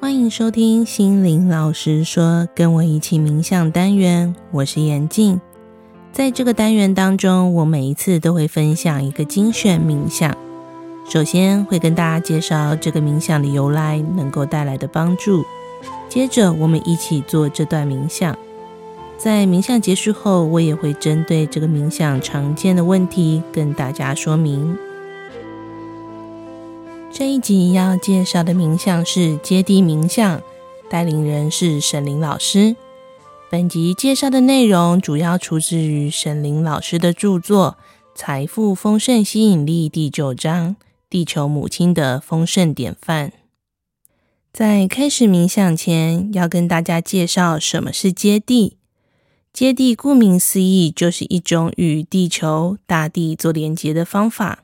歡迎收聽心靈老師說，跟我一起冥想單元。我是妍靜，在這個單元當中，我每一次都會分享一個精選冥想。首先會跟大家介紹這個冥想的由來，能夠帶來的幫助。接着我們一起做這段冥想，在冥想結束後，我也會針對這個冥想常見的問題跟大家說明。這一集要介紹的冥想是接地冥想，帶領人是沈伶老師。本集介紹的內容主要出自於沈伶老師的著作《財富豐盛吸引力》第九章《地球母親的豐盛典範》。在開始冥想前，要跟大家介紹什麼是接地。接地顧名思義，就是一種與地球大地做連接的方法。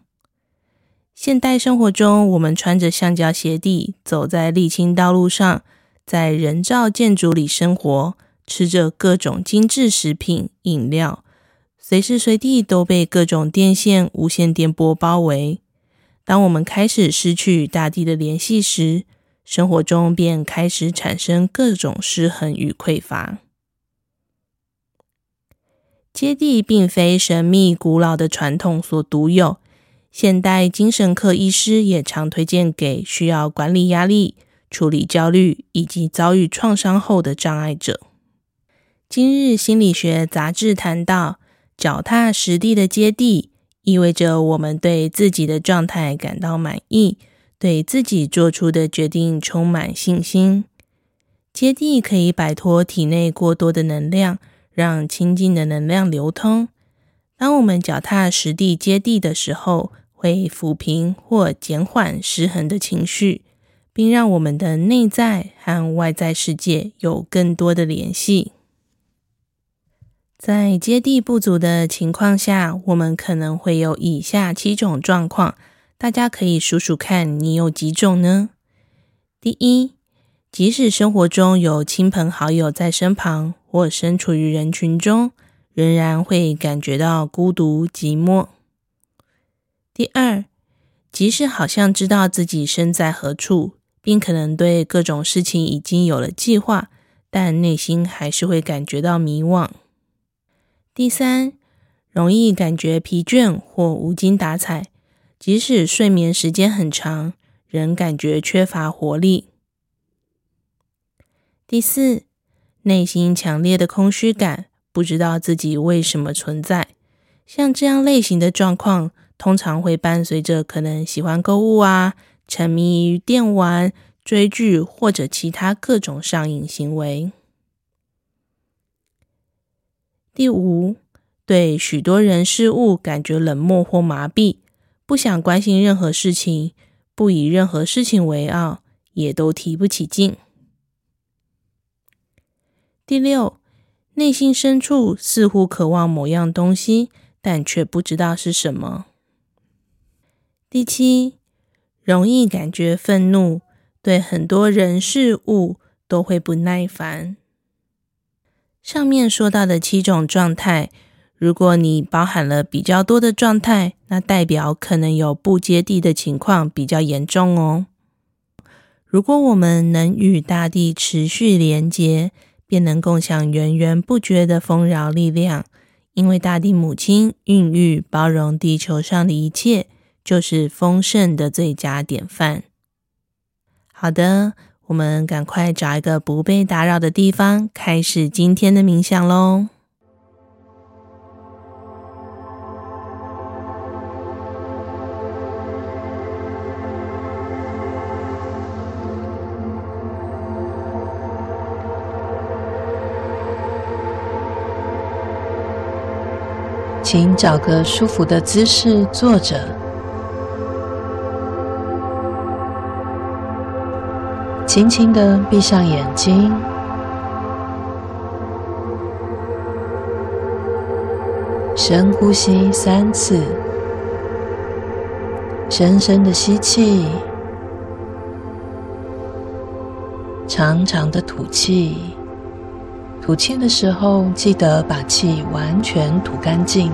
現代生活中，我們穿着橡膠鞋底走在瀝青道路上，在人造建築裡生活，吃着各種精致食品飲料，隨時隨地都被各種電線、無線電波包圍。當我們開始失去與大地的聯繫時，生活中便開始產生各種失衡與匱乏。接地並非神秘古老的傳統所獨有。現代精神科醫師也常推薦給需要管理壓力、處理焦慮以及遭遇創傷後的障礙者。今日心理學雜誌談到，腳踏實地的接地，意味着我們對自己的狀態感到滿意，對自己做出的決定充滿信心。接地可以擺脫體內過多的能量，讓清淨的能量流通。當我們腳踏實地接地的時候，會撫平或減緩失衡的情緒，並讓我們的內在和外在世界有更多的聯繫。在接地不足的情況下，我們可能會有以下七種狀況，大家可以數數看你有幾種呢？第一，即使生活中有親朋好友在身旁或身處於人群中，仍然會感覺到孤獨寂寞。第二，即使好像知道自己身在何處，並可能對各種事情已經有了計劃，但內心還是會感覺到迷惘。第三，容易感覺疲倦或無精打采，即使睡眠時間很長，仍感覺缺乏活力。第四，內心強烈的空虛感，不知道自己為什麼存在，像這樣類型的狀況。通常會伴隨着可能喜歡購物啊，沉迷於電玩、追劇或者其他各種上癮行為。第五，對許多人事物感覺冷漠或麻痹，不想關心任何事情，不以任何事情為傲，也都提不起勁。第六，內心深處似乎渴望某樣東西，但卻不知道是什麼。第七，容易感覺憤怒，對很多人事物都會不耐煩。上面說到的七種狀態，如果你包含了比較多的狀態，那代表可能有不接地的情況比較嚴重哦。如果我們能與大地持續連接，便能共享源源不絕的豐饒力量，因為大地母親孕育包容地球上的一切。就是豐盛的最佳典範。好的，我們趕快找一個不被打擾的地方，開始今天的冥想咯。請找個舒服的姿勢坐着。輕輕的閉上眼睛，深呼吸三次，深深的吸氣，長長的吐氣。吐氣的時候，記得把氣完全吐乾淨。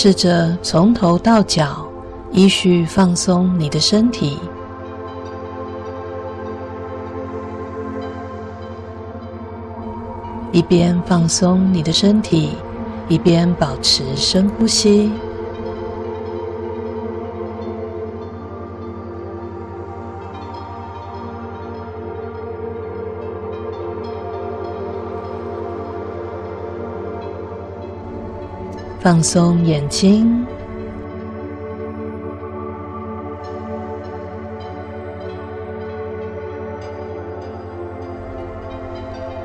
試着從頭到腳，依序放鬆你的身體。一邊放鬆你的身體，一邊保持深呼吸。放鬆眼睛，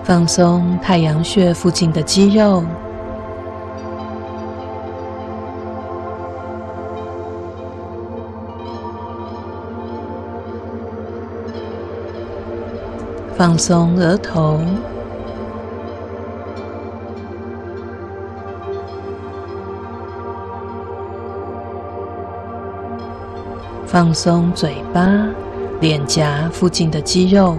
放鬆太陽穴附近的肌肉，放鬆額頭。放鬆嘴巴、臉頰附近的肌肉，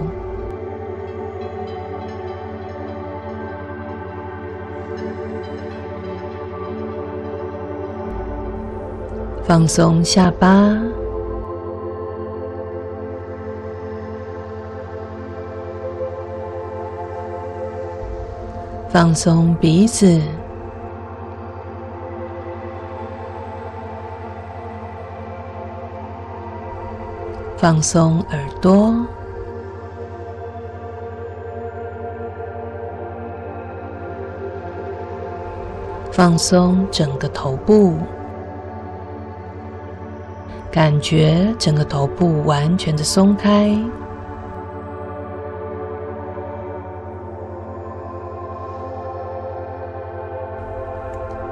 放鬆下巴，放鬆鼻子。放鬆耳朵，放鬆整個頭部，感覺整個頭部完全的鬆開，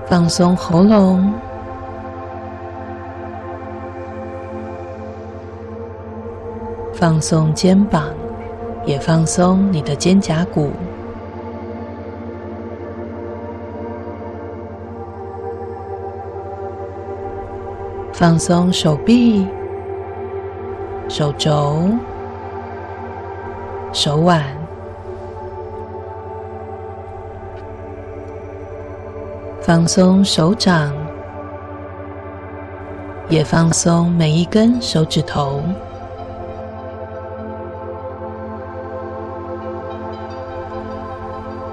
放鬆喉嚨。放鬆肩膀，也放鬆你的肩胛骨。放鬆手臂、手肘、手腕。放鬆手掌，也放鬆每一根手指頭。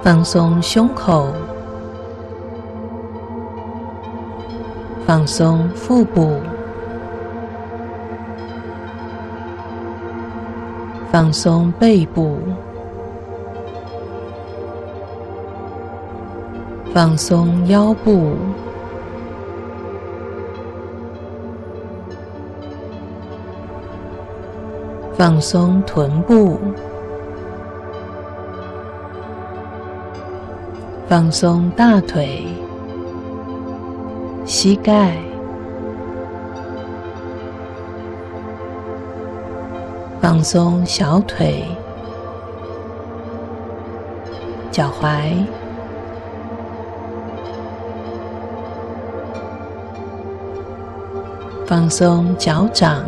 放鬆胸口，放鬆腹部，放鬆背部，放鬆腰部，放鬆臀部。放鬆大腿、膝蓋，放鬆小腿、腳踝，放鬆腳掌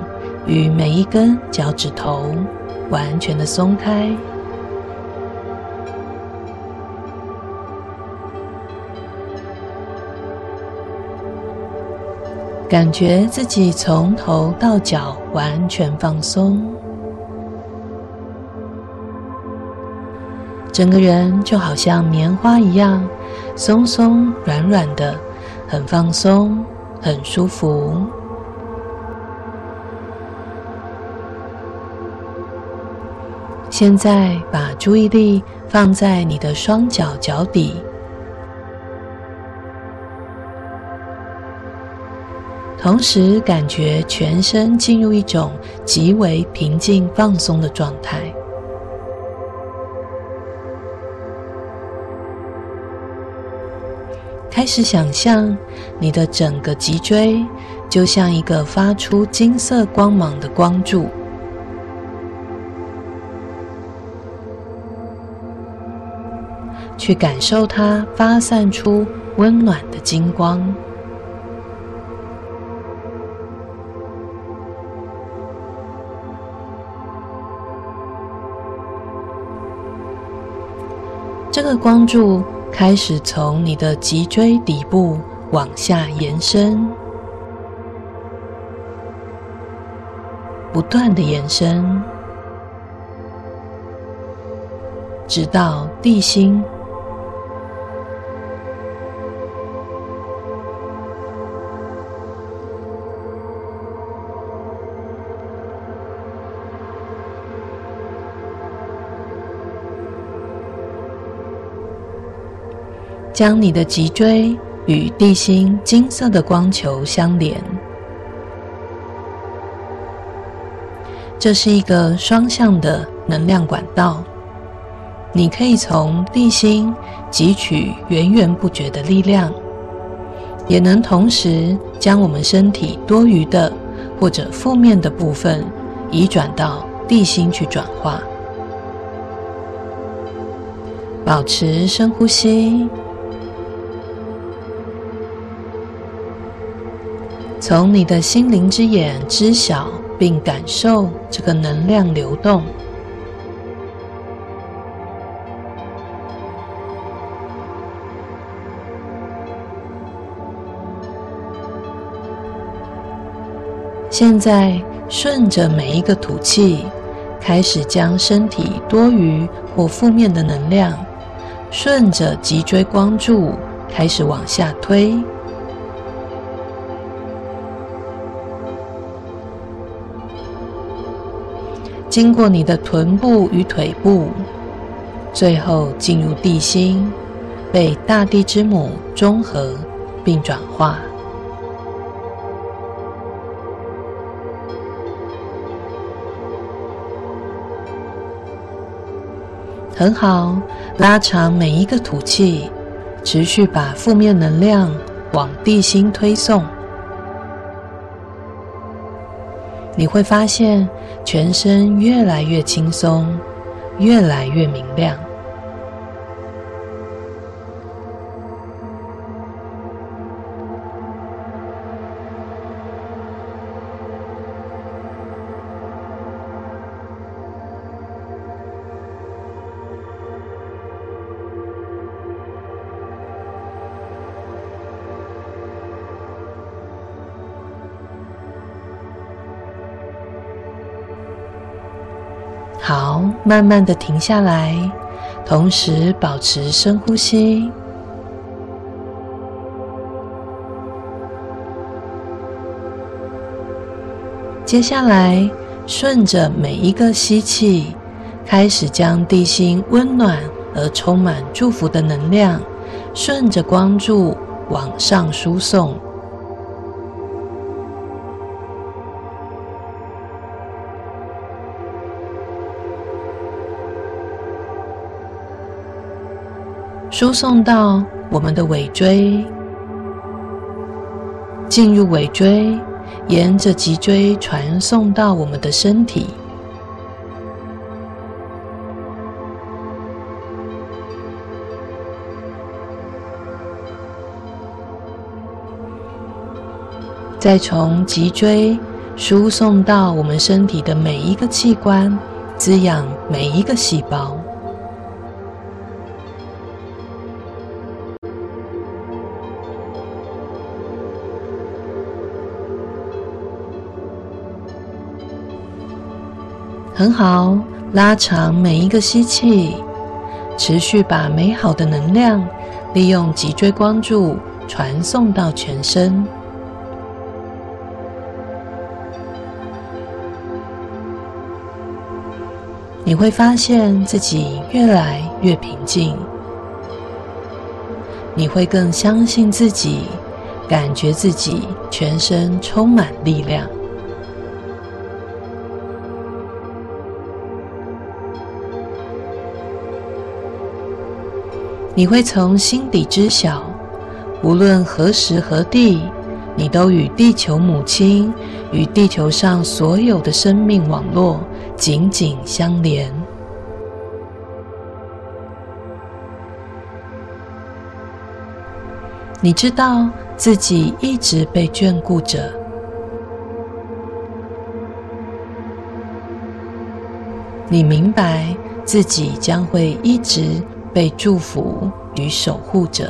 與每一根腳趾頭，完全的鬆開。感覺自己從頭到腳完全放鬆，整個人就好像棉花一樣，鬆鬆軟軟的，很放鬆，很舒服。現在把注意力放在你的雙腳腳底。同時，感覺全身進入一種極為平靜、放鬆的狀態。開始想象你的整個脊椎就像一個發出金色光芒的光柱，去感受它發散出溫暖的金光。這個光柱開始從你的脊椎底部往下延伸，不斷地延伸，直到地心。將你的脊椎與地心金色的光球相連，這是一個雙向的能量管道。你可以從地心汲取源源不絕的力量，也能同時將我們身體多餘的或者負面的部分移轉到地心去轉化。保持深呼吸。從你的心靈之眼知曉並感受這個能量流動。現在順着每一個吐氣，開始將身體多餘或負面的能量，順着脊椎光柱開始往下推，經過你的臀部與腿部，最後進入地心，被大地之母中和並轉化。很好，拉長每一個吐氣，持續把負面能量往地心推送，你會發現。全身越來越輕鬆，越來越明亮。好，慢慢的停下來，同時保持深呼吸。接下來，順着每一個吸氣，開始將地心溫暖而充滿祝福的能量，順着光柱往上輸送。輸送到我們的尾椎，進入尾椎，沿着脊椎傳送到我們的身體，再從脊椎輸送到我們身體的每一個器官，滋養每一個細胞。很好，拉長每一個吸氣，持續把美好的能量利用脊椎光柱傳送到全身。你會發現自己越來越平靜，你會更相信自己，感覺自己全身充滿力量。你會從心底知曉，無論何時何地，你都與地球母親、與地球上所有的生命網絡緊緊相連。你知道自己一直被眷顧著。你明白自己將會一直。被祝福與守護著。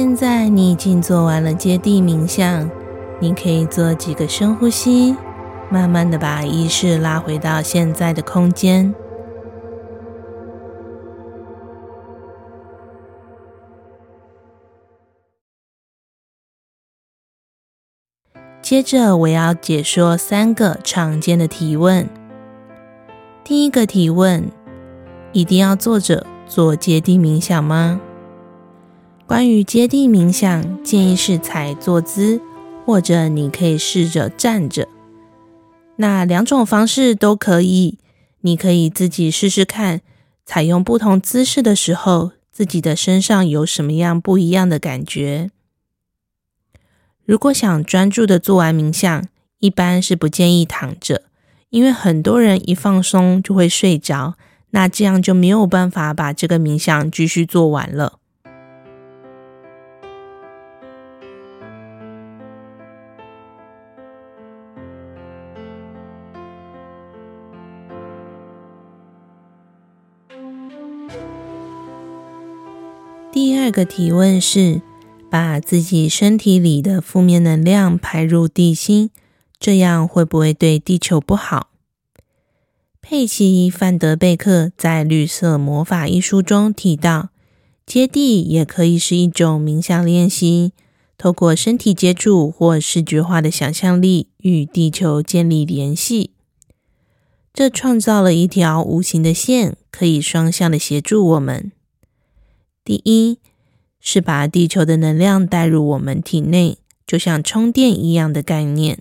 現在你已經做完了接地冥想，你可以做幾個深呼吸，慢慢的把意識拉回到現在的空間。接着我要解說三個常見的提問。第一個提問，一定要坐着做接地冥想嗎？關於接地冥想，建議是採坐姿，或者你可以試着站着。那兩種方式都可以，你可以自己試試看，採用不同姿勢的時候，自己的身上有什麼樣不一樣的感覺。如果想專注的做完冥想，一般是不建議躺着，因為很多人一放鬆就會睡着，那這樣就沒有辦法把這個冥想繼續做完了。這個提問是：把自己身體裡的負面能量排入地心，這樣會不會對地球不好？佩奇·范德貝克在《綠色魔法》一書中提到，接地也可以是一種冥想練習，透過身體接觸或視覺化的想象力與地球建立聯繫，這創造了一條無形的線，可以雙向的協助我們。第一。是把地球的能量帶入我們體內，就像充電一樣的概念。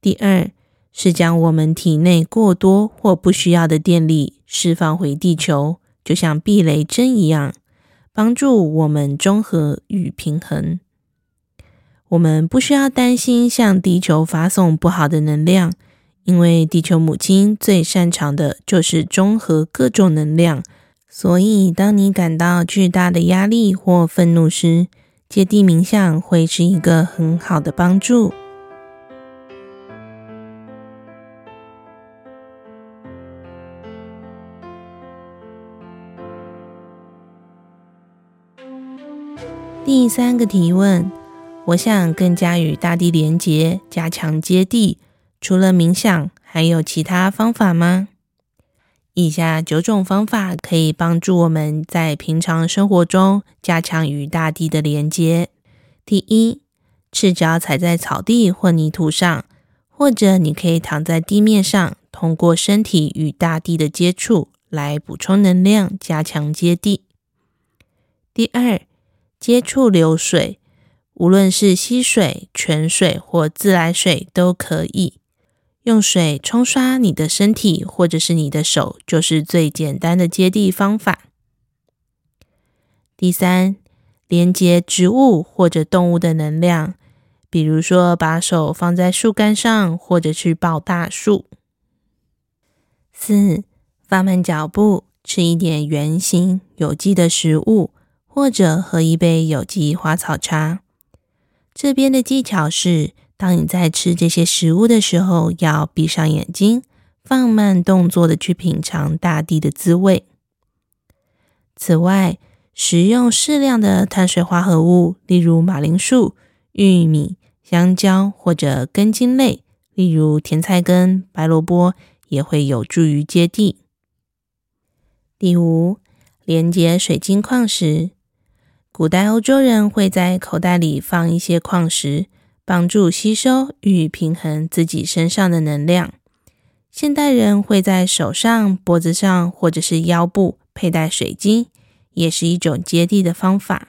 第二是將我們體內過多或不需要的電力釋放回地球，就像避雷針一樣，幫助我們中和與平衡。我們不需要擔心向地球發送不好的能量，因為地球母親最擅長的就是中和各種能量。所以，當你感到巨大的壓力或憤怒時，接地冥想會是一個很好的幫助。第三個提問，我想更加與大地連接，加強接地，除了冥想，還有其他方法嗎？以下九種方法可以幫助我們在平常生活中加強與大地的連接。第一，赤腳踩在草地或泥土上，或者你可以躺在地面上，通過身體與大地的接觸來補充能量，加強接地。第二，接觸流水，無論是溪水、泉水或自來水都可以。用水沖刷你的身體，或者是你的手，就是最簡單的接地方法。第三，連接植物或者動物的能量，比如說把手放在樹幹上，或者去抱大樹。四，放慢腳步，吃一點原形有機的食物，或者喝一杯有機花草茶。這邊的技巧是，當你在吃這些食物的時候，要閉上眼睛，放慢動作的去品嘗大地的滋味。此外，食用適量的碳水化合物，例如馬鈴薯、玉米、香蕉或者根莖類，例如甜菜根、白蘿蔔，也會有助於接地。第五，連接水晶礦石。古代歐洲人會在口袋裡放一些礦石。幫助吸收與平衡自己身上的能量。現代人會在手上、脖子上或者是腰部佩戴水晶，也是一種接地的方法。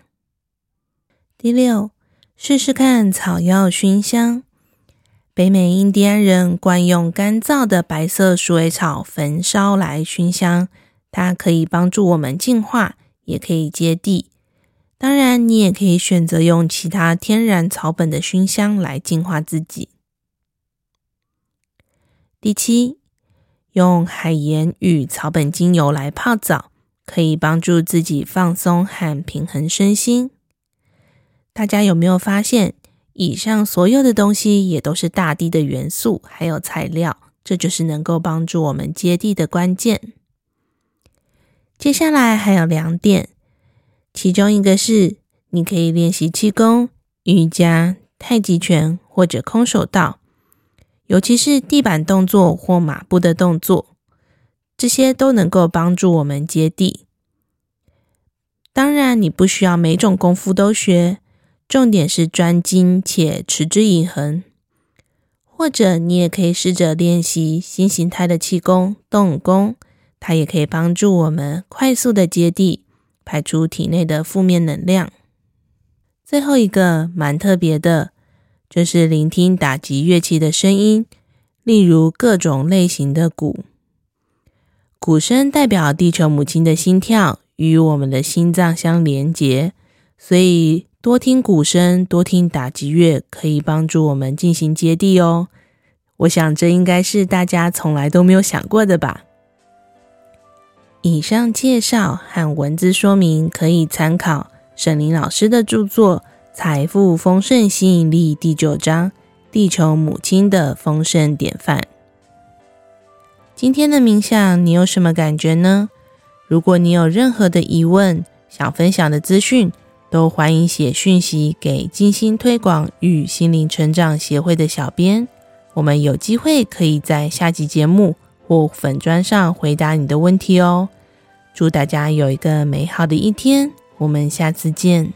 第六，試試看草藥熏香。北美印第安人慣用乾燥的白色鼠尾草焚燒來熏香，它可以幫助我們淨化，也可以接地。當然，你也可以選擇用其他天然草本的熏香來淨化自己。第七，用海鹽與草本精油來泡澡，可以幫助自己放鬆和平衡身心。大家有沒有發現，以上所有的東西也都是大地的元素，還有材料，這就是能夠幫助我們接地的關鍵。接下來還有兩點。其中一個是，你可以練習氣功、瑜伽、太極拳或者空手道，尤其是地板動作或馬步的動作，這些都能夠幫助我們接地。當然，你不需要每種功夫都學，重點是專精且持之以恆。或者，你也可以試着練習新形態的氣功、動功，它也可以幫助我們快速的接地。排出體內的負面能量。最後一個蠻特別的，就是聆聽打擊樂器的聲音，例如各種類型的鼓。鼓聲代表地球母親的心跳，與我們的心臟相連接，所以多聽鼓聲、多聽打擊樂，可以幫助我們進行接地哦。我想這應該是大家從來都沒有想過的吧。以上介紹和文字說明可以參考沈伶老師的著作《財富豐盛吸引力》第九章《地球母親的豐盛典範》。今天的冥想你有什麼感覺呢？如果你有任何的疑問，想分享的資訊，都歡迎寫訊息給靜心推廣與心靈成長協會的小編。我們有機會可以在下集節目。或粉專上回答你的問題哦，祝大家有一個美好的一天，我們下次見。